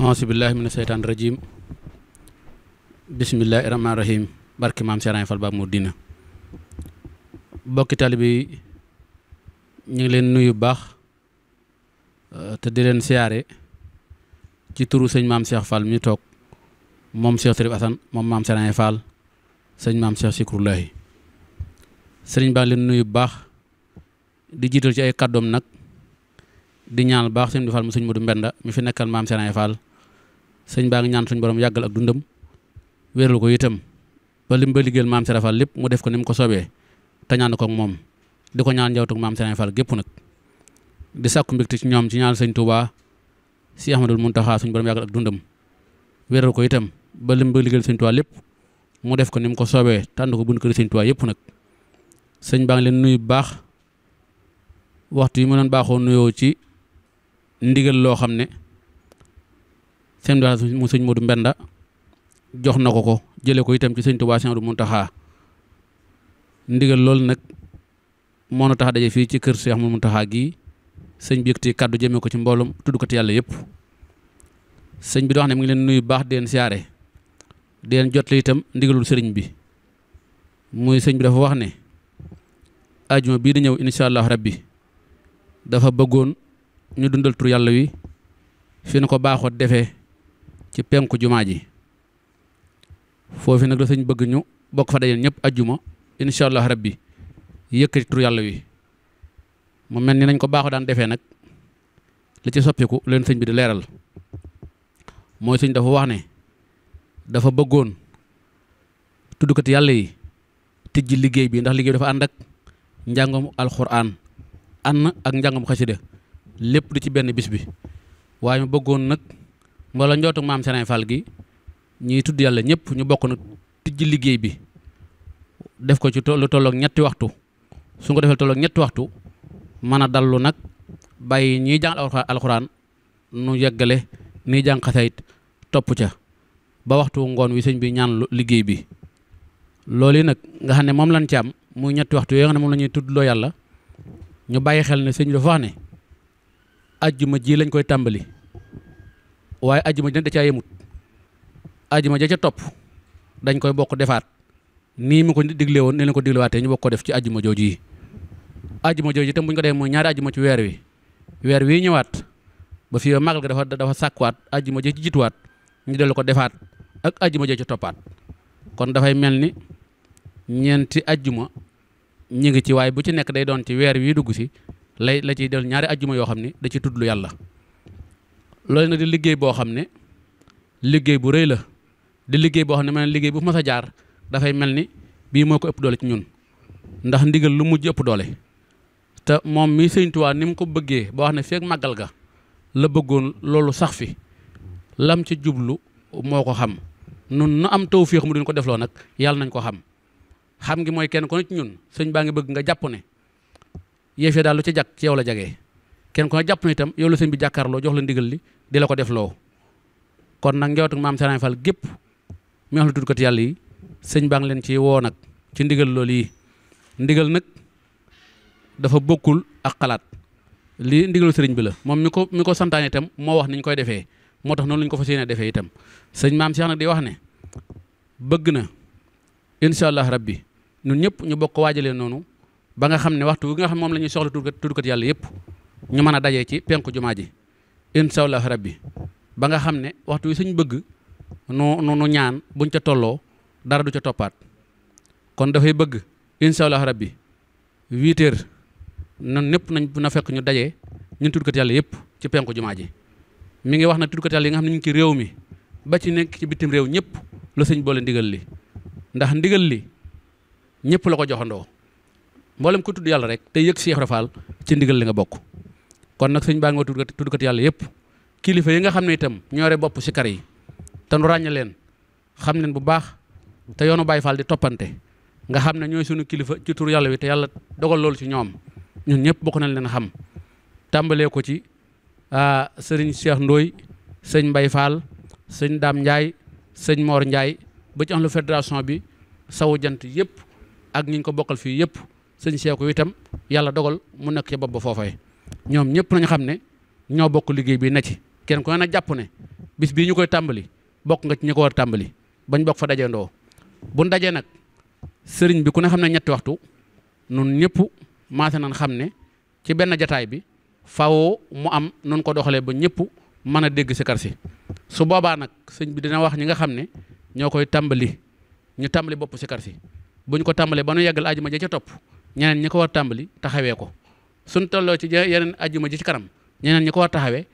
aasibillahi mina seytaan rajim bisimillahi rahmaan rahim barki maam Serigne Fall Babu Mouridina bokki taalibe yi ñu ngi leen nuyu baax euh, te di leen siyaare ci turu sëñ maam Cheikh Fall mi toog moom Cheikh Trip Assane moom maam Serigne Fall sëñ maam Cheikh Sikrullahi sëriñ baa ngi leen nuyu baax di jiital ci ay kàddoom nag di ñaanal baax sëñ bi Fall mu sëñ Modou Mbenda mi fi nekkal maam Serigne Fall sëñ baa ngi ñaan suñu borom yàggal ak dundam wéral ko itam ba lim ba liggéeyal maam Serap Fall lépp mu def ko ni ko soobee te ñaan ko ak moom di ko ñaan njawtuk maam Serap Fall gépp nag di sàkku mbégte ci ñoom ci ñaan sëñ Touba si Ahmadul Muntaxa ko itam ba lim ba liggéeyal lépp mu def ko ni ko soobee tànn ko bunt kër sëñ yëpp nag sëñ baa ngi leen nuyu baax waxtu yi mu doon baaxoo nuyoo ci ndigal loo xam ne. sëñ Daara mu sëñ Modou Mbenda jox na ko ko jëlee ko itam ci sëñ du Cheikh Mountakha ndigal loolu nag moo na tax daje fii ci kër Cheikh Mountakha gii sëñ bi yëkkati kàddu jëmee ko ci mbooloom tudd ko ci yàlla yëpp sëñ bi di ne mi ngi leen nuyu baax di leen siyaare jot itam ndigalul sëriñ bi muy sëñ dafa wax ne ajuma bii di ñëw incha allah rabbi dafa bëggoon ñu dundal tur yàlla wi fi nu ko baaxoo defee. ci penku jumaa ji foofu nag la sëñ bëgg ñu bokk fa dajeen ñëpp ajjuma incha allah rabbi yëkkati tur yàlla wi mu mel ni nañ ko baaxoo daan defee nag li ci soppiku leen sëñ bi di leeral mooy sëñ dafa wax ne dafa bëggoon ko tuddukati yàlla yi tijji liggéey bi ndax liggéey bi dafa ànd ak njàngam alxuraan ànd ak njàngam xasida lépp du ci benn bis bi waaye mu bëggoon nag wala njootu maam Serigne Fall gi ñiy tudd yàlla ñëpp ñu bokk na tijji liggéey bi def ko ci lu tolloog ñetti waxtu su ko defee tolloog ñetti waxtu mën a dallu nag bàyyi ñiy jàng alxuraan nu yeggale nii jàng xasayit topp ca ba waxtu ngoon wi sëñ bi ñaan liggéey bi loolu yi nag nga xam ne moom lañ ci am muy ñetti waxtu yoo nga ne moom la ñuy tuddloo yàlla ñu bàyyi xel ne sëñ bi dafa wax ne ajjuma ji lañ koy tàmbali waaye ajjuma ji nag da caa yemut ajjuma ja ca topp dañ koy bokk defaat nii mu ko digle woon ni leen ko diglewaatee ñu bokk ko def ci ajjuma jooju yi ajjuma jooju itam bu ñu ko defee mooy ñaari ajjuma ci weer wi weer wii ñëwaat ba fii ba màggal ga dafa dafa sàkkuwaat ajjuma ja ci jituwaat ñu dellu ko defaat ak ajjuma ja ca toppaat kon dafay mel ni ñeenti ajjuma ñu ngi ci waaye bu ci nekk day doon ci weer wii dugg ci lay la ciy del ñaari ajjuma yoo xam ni da ci tudd yàlla loole nag di liggéey boo xam ne liggéey bu rëy la di liggéey boo xam ne ma maanaam liggéey bu mas a jaar dafay mel ni bii moo ko ëpp doole ci ñun ndax ndigal lu mujj ëpp doole te moom mii Sëñ Tuubaa ni mu ko bëggee boo xam ne feeg màggal ga la bëggoon loolu sax fi lam ci jublu moo ko xam nun nu am tawféex mu duñ ko defloo nag yàlla nañ ko xam xam ngi mooy kenn ko ci ñun sëñ baa ngi bëgg nga jàpp ne yëf daal lu ci jag ci la jage kenn ku ne jàpp na itam yow la sëñ bi jàkkaarloo jox la ndigal li di la ko def loo kon nag njawtu maam Serigne Fall gépp mi wax la tudd kat yàlla yi sëñ baa ngi leen woo nag ci ndigal loolu yi ndigal nag dafa bokkul ak xalaat lii ndigalu sëriñ bi la moom mi ko mi ko santaane itam moo wax ni koy defee moo tax noonu la ñu ko fas yéene defee itam sëñ maam Cheikh nag di wax ne bëgg na incha allah rabbi ñun ñëpp ñu bokk waajalee noonu ba nga xam ne waxtu wi nga xam moom la ñuy soxla tuddkat tuddkat yàlla yëpp ñu mën a daje ci penku jumaa ji incha allah bi ba nga xam ne waxtu wi suñ bëgg nu nu ñaan buñ ca tolloo dara du ca toppaat kon dafay bëgg incha allah rabbi huit heures nan ñëpp nañ na fekk ñu daje ñun tuddkat yàlla yëpp ci penku jumaa ji mi ngi wax na tuddkat yàlla yi nga xam ne ñu ngi ci réew mi ba ci nekk ci bitim réew ñëpp la sëñ boole ndigal li ndax ndigal li ñëpp la ko joxandoo mboolem ko tudd yàlla rek te yëg si Rafal ci ndigal li nga bokk kon nag sëñ baa nga tudd tuddkat yàlla yëpp kilifa yi nga xam ne itam ñoore bopp si yi te nu ràññe leen xam leen bu baax te yoonu Baay Faal di toppante nga xam ne ñooy suñu kilifa ci tur yàlla wi te yàlla dogal loolu ci ñoom ñun ñëpp bokk nañ leen xam tàmbalee ko ci ah, sëriñ Cheikh Ndoy sëñ Mbay Faal sëñ Daam Njaay sëñ Moor Njaay ba ci am lu fédération bi sawu jant yëpp ak ñi ko bokkal fii yëpp sëñ Cheikh itam yàlla dogal mu nekk ca bopp ba foofay ñoom ñëpp nañu xam ne ñoo bokk liggéey bi na ci kenn ku ne na jàpp ne bis bii ñu koy tàmbali bokk nga ci ñu ko war tàmbali bañ bokk fa dajandoo bu ñu nag sëriñ bi ku ne xam ne ñetti waxtu nun ñëpp maase nañ xam ne ci benn jataay bi fawoo mu am nun ko doxalee ba ñëpp mën a dégg si kar si su boobaa nag sëñ bi dina wax ñi nga xam ne ñoo koy tàmbali ñu tàmbali bopp si kar si bu ñu ko tàmbalee ba nu yeggal aajuma ja ca topp ñeneen ñu ko war tàmbali taxawee ko suñ tolloo ci yeneen ajjuma ji ci kanam ñeneen ñi ko taxawee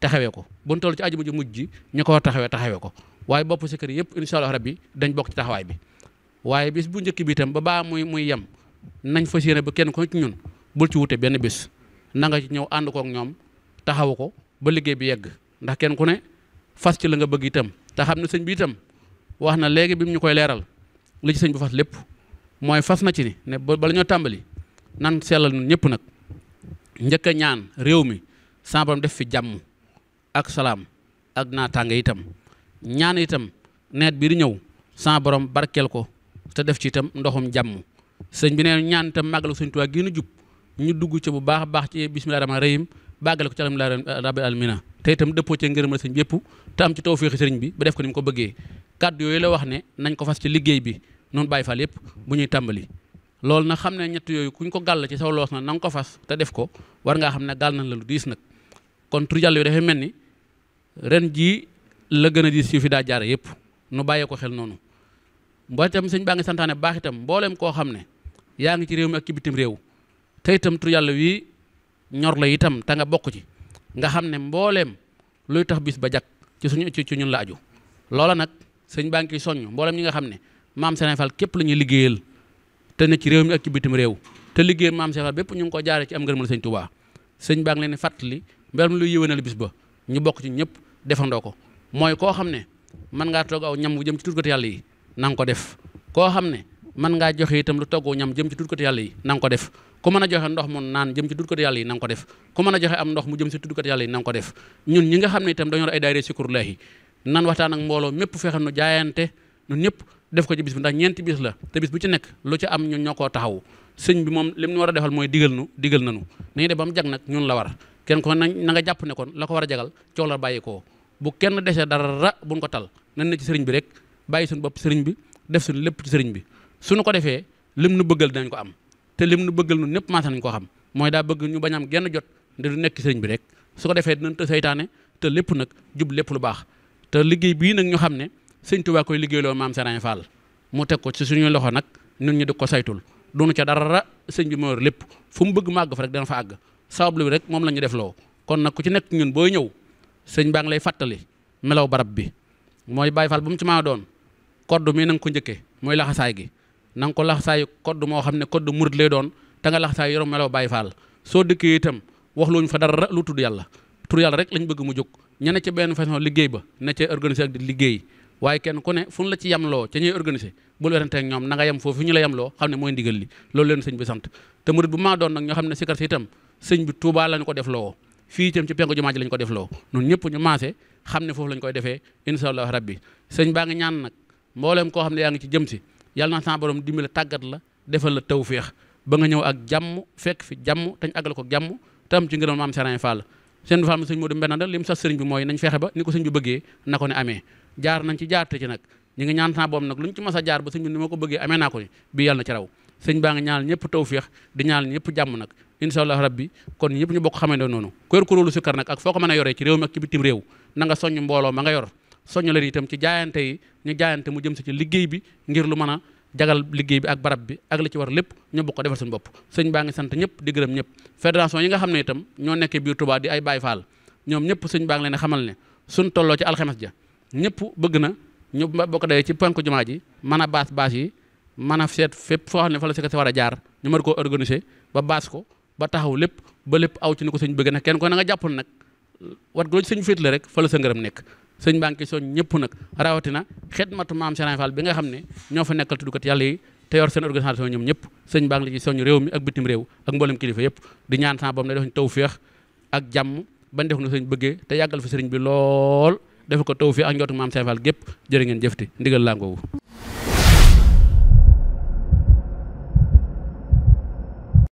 taxawee ko buñ toll ci ajjuma ji mujj ji ñi ko war taxawee taxawee ko waaye bopp si kër yëpp incha allah rabbi dañ bokk ci taxawaay bi waaye bis bu njëkk bi itam ba baa muy muy yem nañ fas yéene ba kenn ko ci ñun bul ci wute benn bis nanga ci ñëw ànd kook ñoom taxawu ko ba liggéey bi yegg ndax kenn ku ne fas ci la nga bëgg itam te xam na sëñ bi itam wax na léegi bi ñu koy leeral li sëñ bu fas lépp mooy fas na ci ni ñoo tàmbali nan sellal ñëpp nag njëkk a ñaan réew mi sama borom def fi jàmm ak salaam ak naataange itam ñaan itam nawet bi di ñëw sama borom barkeel ko te def ci itam ndoxum jàmm sëñ bi nee ñaan itam màggal suñu Tuubaa gën a jub ñu dugg ci bu baax a baax ci bismillahi rahmaani rahim bàggale ko ci alhamdulillahi rabbil alamina te itam dëppoo ci ngërëm la sëñ bépp te am ci tawfeexi sëriñ bi ba def ko ni mu ko bëggee kàddu yooyu la wax ne nañ ko fas ci liggéey bi noonu bàyyi fal yëpp bu ñuy tàmbali loolu nag xam ne ñett yooyu kuñ ko gàll ci saw loos na na ko fas te def ko war ngaa xam ne gàll nañ la lu diis nag kon tur yàlla yu dafay mel ni ren jii la gën a diis yu fi daa jaare yëpp nu bàyyee ko xel noonu mboo tam sëñ baa ngi santaane baax itam mbooleem koo xam ne yaa ngi ci réew mi ak réew te itam tur yàlla wii ñor la itam te nga bokk ci nga xam ne mbooleem luy tax bis ba jag ci suñu ci ñun la aju loola nag sëñ baa ngi ciy soññ mbooleem ñi nga xam ne maam Sénégal képp la ñuy liggéeyal te ne ci réew mi ak ci bitim réew te liggéey maam Cheikh bépp ñu ngi ko jaaree ci am ngërëmal sëñ Touba sëñ baa ngi leen fàttali mbelam luy yëwénal bis ba ñu bokk ci ñëpp defandoo ko mooy koo xam ne mën ngaa togg aw ñam wu jëm ci turkati yàlla yi ko def koo xam ne mën ngaa joxe itam lu toggoo ñam jëm ci turkati yàlla yi na nga ko def ku mën a joxe ndox mu naan jëm ci turkati yàlla yi na ko def ku mën a joxe am ndox mu jëm ci turkati yàlla yi na ko def ñun ñi nga xam ne itam dañoo ay daayira sikrullahi nan waxtaan ak mbooloo mépp fexe nu jaayante ñun ñëpp def ko ci bis bi ndax ñeenti bis la te bis bu ci nekk lu ci am ñun ñoo koo taxawu sëñ bi moom lim ñu war a defal mooy digal nu digal nanu nañu def ba mu jag nag ñun la war kenn ko na nga jàpp ne kon la ko war a jagal coow la bàyyi koo bu kenn dese dara buñ ko tal nan ne ci sëriñ bi rek bàyyi suñu bopp sëriñ bi def suñu lépp ci sëriñ bi suñu ko defee lim nu bëggal dinañ ko am te lim nu bëggal nu ñëpp maasa nañ ko xam mooy daa bëgg ñu bañ am genn jot nde du nekk sëriñ bi rek su ko defee dinañ seytaane te lépp nag jub lépp lu baax te liggéey bii nag ñu xam ne sëñ Tuubaa koy liggéeyloo maam Serigne Fall mu teg ko ci suñu loxo nag ñun ñu di ko saytul dunu ca dara sëñ bi moo yor lépp fu mu bëgg mu àgg fa rek dana fa àgg sabablu bi rek moom la ñu def loo kon nag ku ci nekk ñun booy ñëw sëñ baa lay fàttali melaw barab bi mooy Baay Faal bu mu ci maa doon kodd mii na nga ko njëkkee mooy laxasaay gi na nga ko laxasaay kodd moo xam ne kodd murit lay doon te nga laxasaay yorom melaw Baay Faal soo dëkkee itam wax looñu fa dara lu tudd yàlla tur yàlla rek lañ bëgg mu jóg ña ne ca benn façon liggéey ba ne ca organiser ak di liggéey waaye kenn ku ne fu ñu la ci yamloo ca ñuy organiser bul werante ak yem foofu ñu la yamloo xam ne mooy ndigal li loolu leen sëñ bi sant te murid bu maa doon nag ñoo xam ne sikar si itam sëñ bi Tuubaa lañ ko def loo fii itam ci penku jumaa ji lañ ko def loo noonu ñëpp ñu maase xam ne foofu lañ koy defee insha allah rabbi sëñ baa ngi ñaan nag mbooleem koo xam ne yaa ngi ci jëm si yàlla na sa borom dimbali tàggat la defal la tawféex ba nga ñëw ak jàmm fekk fi jàmm tañ àggal ko jàmm tam ci ngërëm maam Serigne Fall seen Fall sëñ Modou Mbénanda li mu sax sëriñ bi mooy nañ fexe ba ni ko sëñ bi bëggee na ko ne jaar nañ ci jaarte ci nag ñu ngi ñaan temps boobu nag lu ñu ci mas a jaar ba sëñ ni ma ko bëggee amee naa ko raw sëñ baa ngi ñaanal ñëpp tawféex di ñaanal ñëpp jàmm nag incha rab bi kon ñëpp ñu bokk xamee noonu kër kuréelu sikkar nag ak foo ko mën a yoree ci réew mi ak ci bitim réew na nga soññ mbooloo ma nga yor soññ leen itam ci jaayante yi ñu jaayante mu jëm ci liggéey bi ngir lu mën a jagal liggéey bi ak barab bi ak li ci war lépp ñu bokk ko defal suñu bopp sëñ baa ngi sant ñëpp di gërëm ñëpp fédération yi nga xam ne itam ñoo nekkee biir Touba di ay baay Fall ñoom ñëpp sëñ baa ngi leen xamal ne suñ tolloo ci alxames ja ñëpp bëgg na ñu bokk dayee ci ponk jumaa ji mën a baas baas yi mën a seet fépp foo xam ne fa la sécurité war a jaar ñu mën koo organiser ba baas ko ba taxaw lépp ba lépp aw ci ni ko sëñ bëgg nag kenn ko na nga jàppoon nag wat goo rek fa la sa ngërëm nekk sëñ baa ngi ñëpp nag rawatina xidmatu maam Serigne Fall bi nga xam ne ñoo fa nekkal tuddukat yàlla yi te yor seen organisation ñoom ñëpp sëñ baa ngi la ci soñ réew mi ak bitim réew ak mboolem kilifa yëpp di ñaan sa boom ne def ñu taw feex ak jàmm ba def na sëñ bëggee te yàggal fi sëriñ bi lool def ko taw fii ak njootu maam Seex Faal gépp jërë ngeen jëfti ndigal laa ngoogu